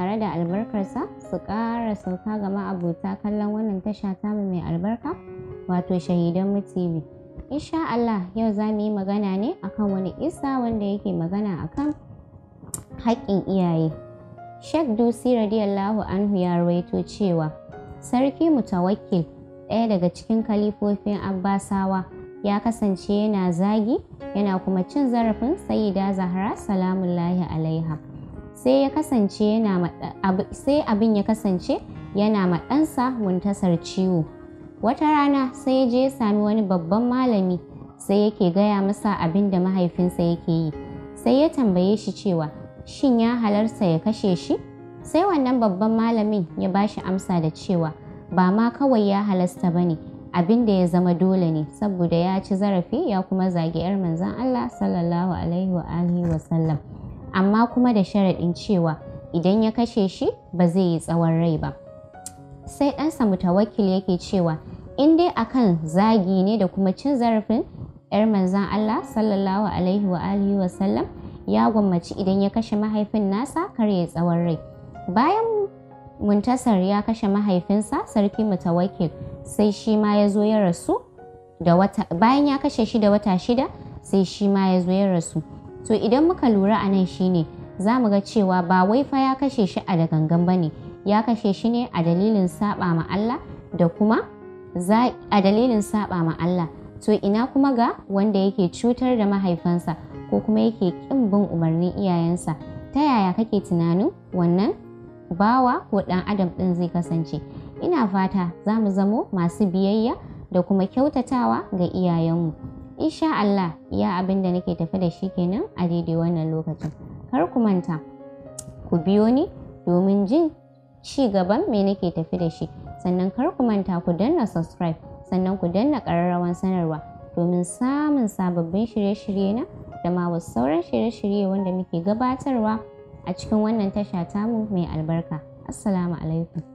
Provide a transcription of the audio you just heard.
tare da albarkarsa su ƙara sauka ga ma'abota kallon wannan tasha tamu mai albarka wato shahidan tv insha Allah yau za mu yi magana ne akan wani isa wanda yake magana akan haƙƙin iyaye Sheikh Dusi radiyallahu anhu ya rawaito cewa sarki mutawakkil ɗaya daga cikin kalifofin Abbasawa ya kasance yana zagi yana kuma cin zarafin Sayyida Zahra salamullahi alaiha sai ya kasance yana sai abin ya kasance yana ma ɗansa muntasar ciwo wata rana sai ya je ya sami wani babban malami sai yake gaya masa abin da mahaifinsa yake yi sai ya tambaye shi cewa shin ya halarta ya kashe shi sai wannan babban malamin ya ba shi amsa da cewa ba ma kawai ya halasta ba ne abin da ya zama dole ne saboda ya ci zarafi ya kuma zagi 'yar manzon Allah sallallahu alaihi wa alihi wa sallam amma kuma da sharaɗin cewa idan ya kashe shi ba zai yi tsawon rai ba sai ɗansa mutawakil yake cewa in dai akan zagi ne da kuma cin zarafin 'yar manzan Allah sallallahu alaihi wa alihi wa sallam ya gwammaci idan ya kashe mahaifin nasa kar ya tsawon rai bayan muntasar ya kashe mahaifinsa sarki mutawakil sai shi ma ya zo ya rasu bayan ya kashe shi da wata shida sai shi ma ya zo ya rasu to idan muka lura a nan shine za mu ga cewa ba wai fa ya kashe shi a da gangan ba ne ya kashe shi ne a dalilin saba ma Allah da kuma a dalilin saba ma Allah to ina kuma ga wanda yake cutar da mahaifansa ko kuma yake ƙin bin umarnin iyayensa ta yaya kake tunanin wannan bawa ko ɗan adam ɗin zai kasance ina fata za mu zamo masu biyayya da kuma kyautatawa ga iyayenmu insha Allah iya abin da nake tafi da shi kenan a daidai wannan lokacin kar ku manta ku biyo ni domin jin ci gaban me nake tafi da shi sannan kar ku manta ku danna subscribe sannan ku danna ƙararrawan sanarwa domin samun sababbin shirye-shirye na da ma wasu sauran shirye-shirye wanda muke gabatarwa a cikin wannan tasha tamu mai albarka assalamu alaikum